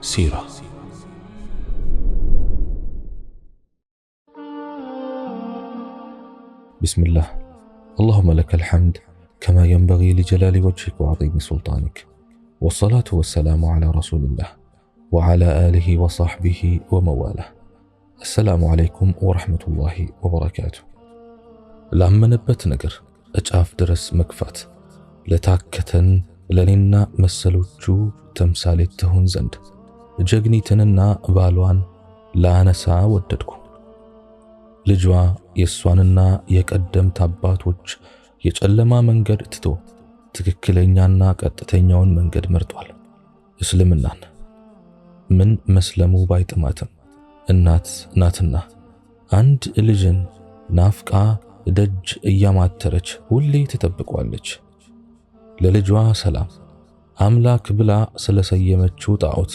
سيرة بسم الله اللهم لك الحمد كما ينبغي لجلال وجهك وعظيم سلطانك والصلاة والسلام على رسول الله وعلى آله وصحبه ومواله السلام عليكم ورحمة الله وبركاته ላመነበት ነገር እጫፍ ድረስ መግፋት ለታከተን ለኔና መሰሎቹ ተምሳሌት ትሆን زند ጀግኒትንና ባሏን ላነሳ ወደድኩ። ልጇ የእሷንና የቀደምት አባቶች የጨለማ መንገድ ትቶ ትክክለኛና ቀጥተኛውን መንገድ መርጧል፣ እስልምናን። ምን መስለሙ ባይጥማትም እናት ናትና አንድ ልጅን ናፍቃ ደጅ እያማተረች ሁሌ ትጠብቋለች። ለልጇ ሰላም አምላክ ብላ ስለሰየመችው ጣዖት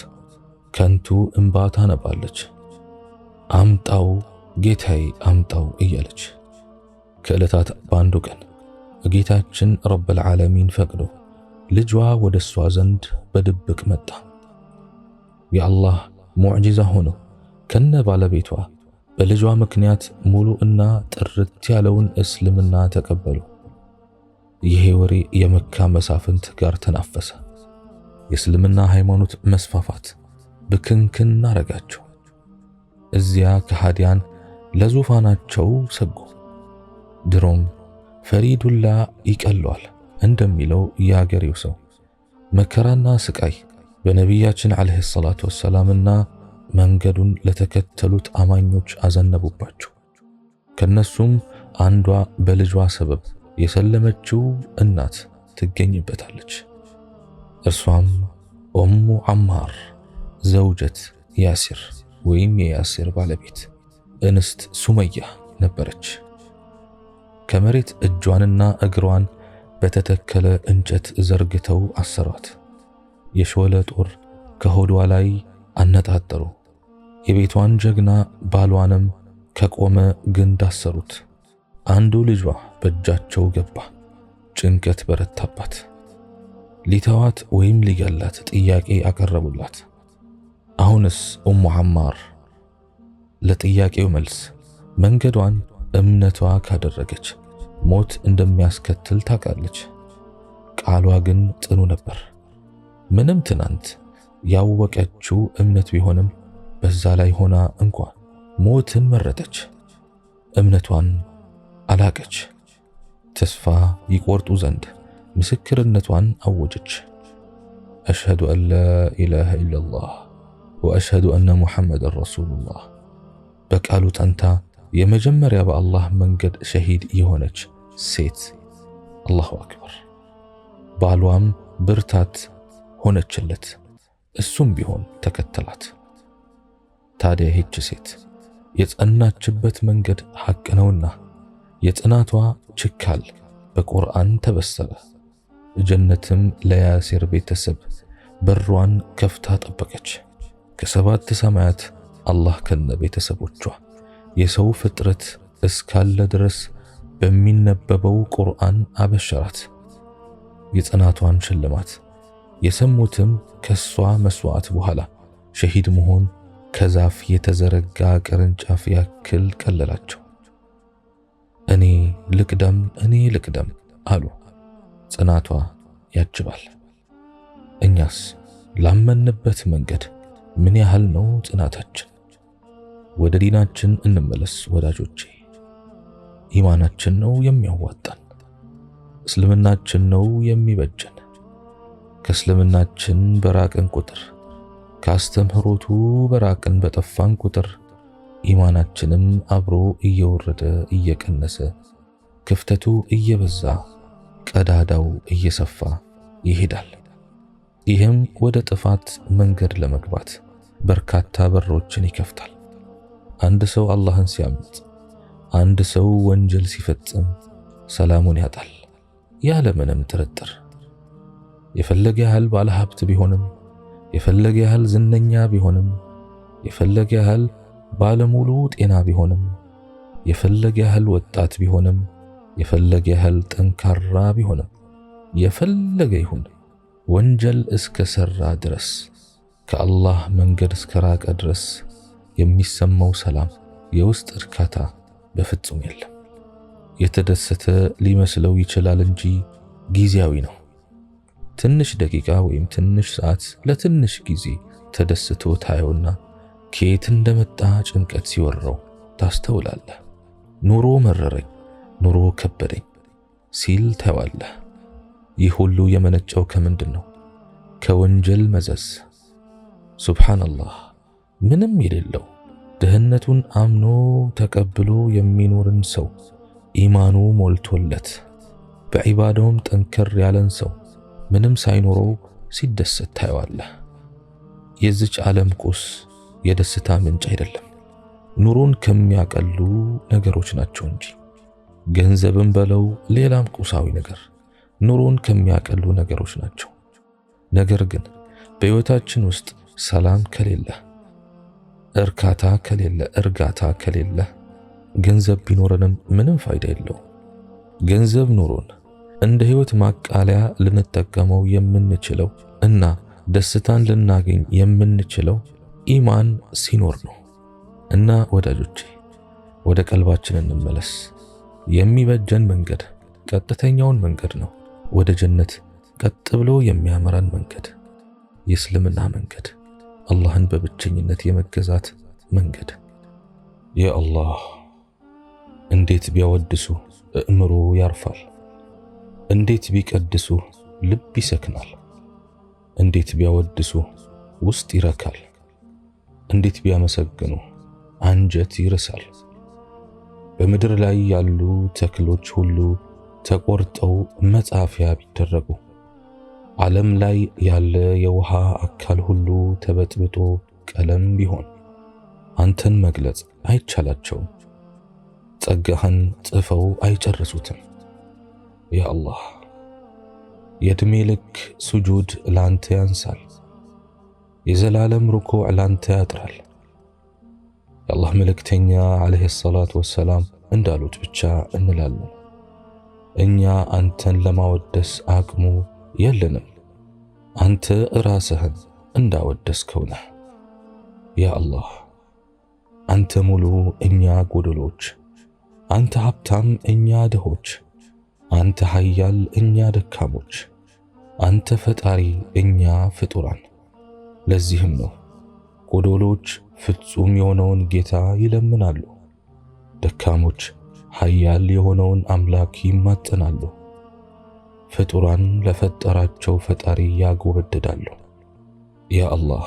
ከንቱ እንባ ታነባለች። አምጣው ጌታዬ አምጣው እያለች። ከዕለታት በአንዱ ቀን ጌታችን ረብል ዓለሚን ፈቅዶ ልጇ ወደ እሷ ዘንድ በድብቅ መጣ። የአላህ ሙዕጂዛ ሆኖ ከነ ባለቤቷ በልጇ ምክንያት ሙሉ እና ጥርት ያለውን እስልምና ተቀበሉ። ይሄ ወሬ የመካ መሳፍንት ጋር ተናፈሰ። የእስልምና ሃይማኖት መስፋፋት ብክንክን አረጋቸው። እዚያ ከሃዲያን ለዙፋናቸው ሰጉ። ድሮም ፈሪ ዱላ ይቀለዋል እንደሚለው የአገሬው ሰው መከራና ስቃይ በነቢያችን ዓለይሂ ሰላቱ ወሰላምና መንገዱን ለተከተሉት አማኞች አዘነቡባቸው። ከነሱም አንዷ በልጇ ሰበብ የሰለመችው እናት ትገኝበታለች። እርሷም ኡሙ ዐማር ዘውጀት ያሲር ወይም የያሲር ባለቤት እንስት ሱመያ ነበረች። ከመሬት እጇንና እግሯን በተተከለ እንጨት ዘርግተው አሰሯት። የሾለ ጦር ከሆዷ ላይ አነጣጠሩ። የቤቷን ጀግና ባሏንም ከቆመ ግንድ አሰሩት። አንዱ ልጇ በእጃቸው ገባ። ጭንቀት በረታባት። ሊተዋት ወይም ሊገላት ጥያቄ አቀረቡላት። አሁንስ ኡሙ ዐማር ለጥያቄው መልስ መንገዷን እምነቷ ካደረገች ሞት እንደሚያስከትል ታውቃለች። ቃሏ ግን ጥኑ ነበር። ምንም ትናንት ያወቀችው እምነት ቢሆንም በዛ ላይ ሆና እንኳን ሞትን መረጠች። እምነቷን አላቀች። ተስፋ ይቆርጡ ዘንድ ምስክርነቷን አወጀች። አሽሀዱ አን ላ ኢላሃ ኢለላህ ወአሽሀዱ አነ ሙሐመድ ረሱሉላህ በቃሉ ጠንታ የመጀመሪያ በአላህ መንገድ ሸሂድ የሆነች ሴት አላሁ አክበር። ባሏም ብርታት ሆነችለት፣ እሱም ቢሆን ተከተላት። ታዲያ ይህች ሴት የጸናችበት መንገድ ሐቅ ነውና የጽናቷ ችካል በቁርአን ተበሰረ። ጀነትም ለያሴር ቤተሰብ በሯን ከፍታ ጠበቀች። ከሰባት ሰማያት አላህ ከነ ቤተሰቦቿ የሰው ፍጥረት እስካለ ድረስ በሚነበበው ቁርአን አበሸራት። የጽናቷን ሽልማት የሰሙትም ከሷ መስዋዕት በኋላ ሸሂድ መሆን ከዛፍ የተዘረጋ ቅርንጫፍ ያክል ቀለላቸው። እኔ ልቅደም፣ እኔ ልቅደም አሉ። ጽናቷ ያጅባል። እኛስ ላመንበት መንገድ ምን ያህል ነው ጽናታችን? ወደ ዲናችን እንመለስ ወዳጆቼ። ኢማናችን ነው የሚያዋጣን፣ እስልምናችን ነው የሚበጀን። ከእስልምናችን በራቅን ቁጥር፣ ከአስተምህሮቱ በራቅን በጠፋን ቁጥር ኢማናችንም አብሮ እየወረደ እየቀነሰ ክፍተቱ እየበዛ ቀዳዳው እየሰፋ ይሄዳል። ይህም ወደ ጥፋት መንገድ ለመግባት በርካታ በሮችን ይከፍታል። አንድ ሰው አላህን ሲያምጥ፣ አንድ ሰው ወንጀል ሲፈጽም ሰላሙን ያጣል ያለምንም ጥርጥር። የፈለገ ያህል ባለ ሀብት ቢሆንም፣ የፈለገ ያህል ዝነኛ ቢሆንም፣ የፈለገ ያህል ባለሙሉ ጤና ቢሆንም፣ የፈለገ ያህል ወጣት ቢሆንም፣ የፈለገ ያህል ጠንካራ ቢሆንም፣ የፈለገ ይሁን ወንጀል እስከ ሰራ ድረስ ከአላህ መንገድ እስከ ራቀ ድረስ የሚሰማው ሰላም፣ የውስጥ እርካታ በፍጹም የለም። የተደሰተ ሊመስለው ይችላል እንጂ ጊዜያዊ ነው። ትንሽ ደቂቃ ወይም ትንሽ ሰዓት ለትንሽ ጊዜ ተደስቶ ታየውና ከየት እንደመጣ ጭንቀት ሲወረው ታስተውላለህ። ኑሮ መረረኝ፣ ኑሮ ከበደኝ ሲል ታየዋለህ። ይህ ሁሉ የመነጨው ከምንድን ነው? ከወንጀል መዘዝ ሱብሓነላህ ምንም የሌለው ድህነቱን አምኖ ተቀብሎ የሚኖርን ሰው ኢማኑ ሞልቶለት በዒባዳውም ጠንከር ያለን ሰው ምንም ሳይኖረው ሲደሰት ታየዋለህ። የዚች ዓለም ቁስ የደስታ ምንጭ አይደለም፣ ኑሮን ከሚያቀሉ ነገሮች ናቸው እንጂ። ገንዘብም በለው ሌላም ቁሳዊ ነገር ኑሮን ከሚያቀሉ ነገሮች ናቸው። ነገር ግን በሕይወታችን ውስጥ ሰላም ከሌለ፣ እርካታ ከሌለ፣ እርጋታ ከሌለ ገንዘብ ቢኖረንም ምንም ፋይዳ የለው። ገንዘብ ኑሮን እንደ ህይወት ማቃለያ ልንጠቀመው የምንችለው እና ደስታን ልናገኝ የምንችለው ኢማን ሲኖር ነው። እና ወዳጆቼ ወደ ቀልባችን እንመለስ። የሚበጀን መንገድ ቀጥተኛውን መንገድ ነው። ወደ ጀነት ቀጥ ብሎ የሚያመራን መንገድ የእስልምና መንገድ አላህን በብቸኝነት የመገዛት መንገድ። ያ እንዴት ቢያወድሱ እእምሮ ያርፋል፣ እንዴት ቢቀድሱ ልብ ይሰክናል፣ እንዴት ቢያወድሱ ውስጥ ይረካል፣ እንዴት ቢያመሰግኑ አንጀት ይርሳል። በምድር ላይ ያሉ ተክሎች ሁሉ ተቆርጠው መጻፊያ ቢደረጉ ዓለም ላይ ያለ የውሃ አካል ሁሉ ተበጥብጦ ቀለም ቢሆን አንተን መግለጽ አይቻላቸውም። ጸጋህን ጽፈው አይጨርሱትም። ያ አላህ የዕድሜ ልክ ስጁድ ላንተ ያንሳል፣ የዘላለም ሩኩዕ ላንተ ያጥራል። የአላህ መልእክተኛ ዓለይሂ ሰላቱ ወሰላም እንዳሉት ብቻ እንላለን። እኛ አንተን ለማወደስ አቅሙ የለንም። አንተ ራስህን እንዳወደስከው ነህ። ያ አላህ አንተ ሙሉ፣ እኛ ጎደሎች፣ አንተ ሀብታም፣ እኛ ድሆች፣ አንተ ኃያል፣ እኛ ደካሞች፣ አንተ ፈጣሪ፣ እኛ ፍጡራን። ለዚህም ነው ጎዶሎች ፍጹም የሆነውን ጌታ ይለምናሉ፣ ደካሞች ኃያል የሆነውን አምላክ ይማጠናሉ። ፍጡራን ለፈጠራቸው ፈጣሪ ያጎበድዳሉ። ያ አላህ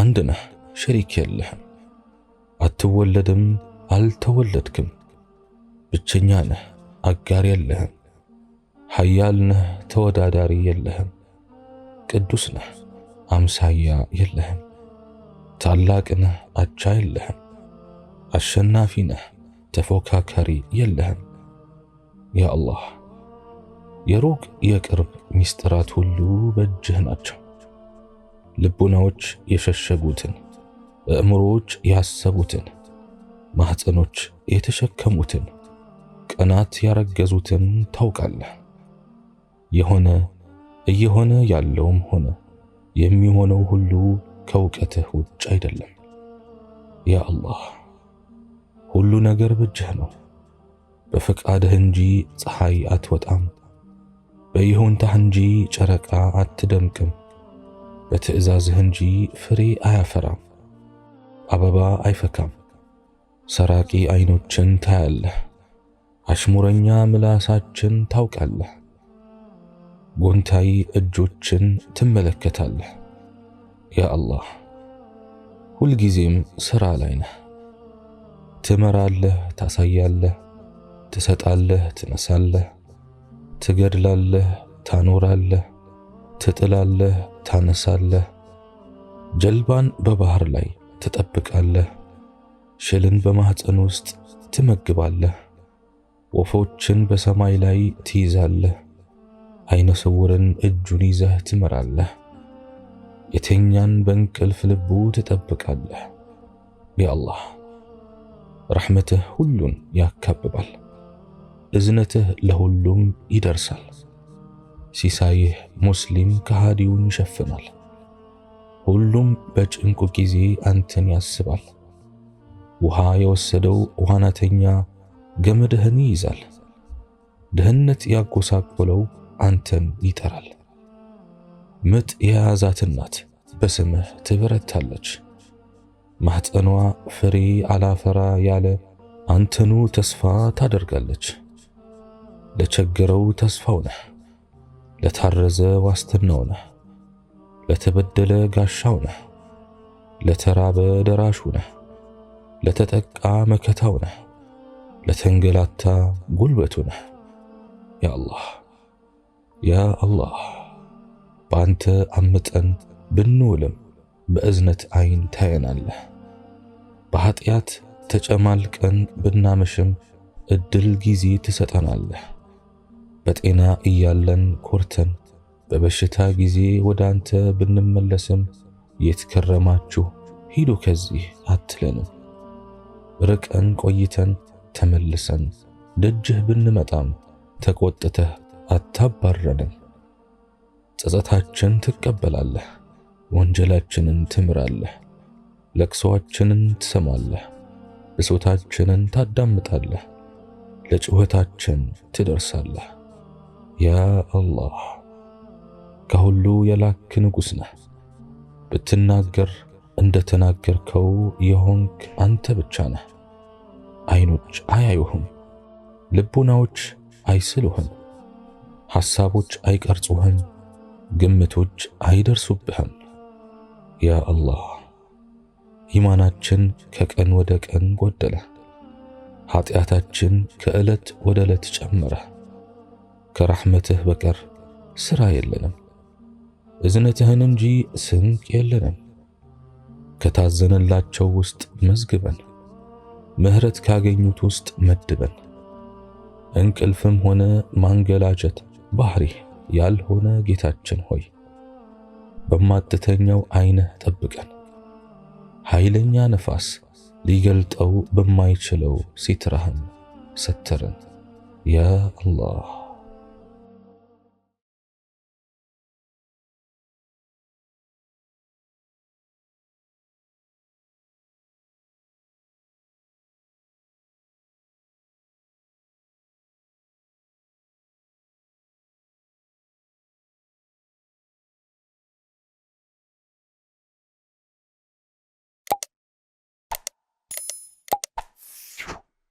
አንድ ነህ፣ ሸሪክ የለህም፣ አትወለድም፣ አልተወለድክም፣ ብቸኛ ነህ፣ አጋር የለህም፣ ሀያል ነህ፣ ተወዳዳሪ የለህም፣ ቅዱስ ነህ፣ አምሳያ የለህም፣ ታላቅ ነህ፣ አቻ የለህም፣ አሸናፊ ነህ፣ ተፎካካሪ የለህም። ያ አላህ የሩቅ የቅርብ ሚስጥራት ሁሉ በእጅህ ናቸው። ልቡናዎች የሸሸጉትን፣ አእምሮዎች ያሰቡትን፣ ማኅፀኖች የተሸከሙትን፣ ቀናት ያረገዙትን ታውቃለህ። የሆነ እየሆነ ያለውም ሆነ የሚሆነው ሁሉ ከእውቀትህ ውጭ አይደለም። ያ አላህ ሁሉ ነገር በእጅህ ነው፣ በፈቃድህ እንጂ ፀሐይ አትወጣም በይሁንታህ እንጂ ጨረቃ አትደምቅም፣ በትእዛዝህ እንጂ ፍሬ አያፈራም፣ አበባ አይፈካም። ሰራቂ አይኖችን ታያለህ፣ አሽሙረኛ ምላሳችን ታውቃለህ፣ ጎንታይ እጆችን ትመለከታለህ። ያ አላህ ሁልጊዜም ሥራ ላይ ነህ። ትመራለህ፣ ታሳያለህ፣ ትሰጣለህ፣ ትነሳለህ ትገድላለህ፣ ታኖራለህ፣ ትጥላለህ፣ ታነሳለህ። ጀልባን በባህር ላይ ትጠብቃለህ። ሽልን በማኅፀን ውስጥ ትመግባለህ። ወፎችን በሰማይ ላይ ትይዛለህ። ዓይነ ስውርን እጁን ይዘህ ትመራለህ። የተኛን በእንቅልፍ ልቡ ትጠብቃለህ። ያአላህ ረሕመትህ ሁሉን ያካብባል። እዝነትህ ለሁሉም ይደርሳል። ሲሳይህ ሙስሊም ከሃዲውን ይሸፍናል። ሁሉም በጭንቁ ጊዜ አንተን ያስባል። ውሃ የወሰደው ዋናተኛ ገመድህን ይይዛል። ድህነት ያጎሳቆለው አንተን ይጠራል። ምጥ የያዛት እናት በስምህ ትበረታለች። ማኅፀኗ ፍሬ አላፈራ ያለ አንተኑ ተስፋ ታደርጋለች። ለቸገረው ተስፋው ነህ፣ ለታረዘ ዋስትናው ነህ፣ ለተበደለ ጋሻው ነህ፣ ለተራበ ደራሹ ነህ፣ ለተጠቃ መከታው ነህ፣ ለተንገላታ ጉልበቱ ነህ። ያ አላህ ያ አላህ በአንተ አምጠን ብንውልም በእዝነት አይን ታየናለህ። በኃጢአት ተጨማልቀን ብናመሽም እድል ጊዜ ትሰጠናለህ። በጤና እያለን ኮርተን በበሽታ ጊዜ ወደ አንተ ብንመለስም የት ከረማችሁ ሂዱ ከዚህ አትለንም። ርቀን ቆይተን ተመልሰን ደጅህ ብንመጣም ተቆጥተህ አታባረንም። ጸጸታችን ትቀበላለህ፣ ወንጀላችንን ትምራለህ፣ ለቅሶአችንን ትሰማለህ፣ ብሶታችንን ታዳምጣለህ፣ ለጩኸታችን ትደርሳለህ። ያ አላህ ከሁሉ የላክ ንጉሥ ነህ። ብትናገር እንደ ተናገርከው የሆንክ አንተ ብቻ ነህ። አይኖች አያዩህም፣ ልቡናዎች አይስሉህም፣ ሐሳቦች አይቀርጹህም፣ ግምቶች አይደርሱብህም። ያ አላህ ኢማናችን ከቀን ወደ ቀን ጎደለ፣ ኃጢአታችን ከዕለት ወደ ዕለት ጨመረ። ከራህመትህ በቀር ስራ የለንም፣ እዝነትህን እንጂ ስንቅ የለንም። ከታዘነላቸው ውስጥ መዝግበን፣ ምህረት ካገኙት ውስጥ መድበን። እንቅልፍም ሆነ ማንገላጀት ባህሪህ ያልሆነ ጌታችን ሆይ በማትተኛው ዓይንህ ጠብቀን። ኃይለኛ ነፋስ ሊገልጠው በማይችለው ሲትራህን ሰተረን ያ አላህ።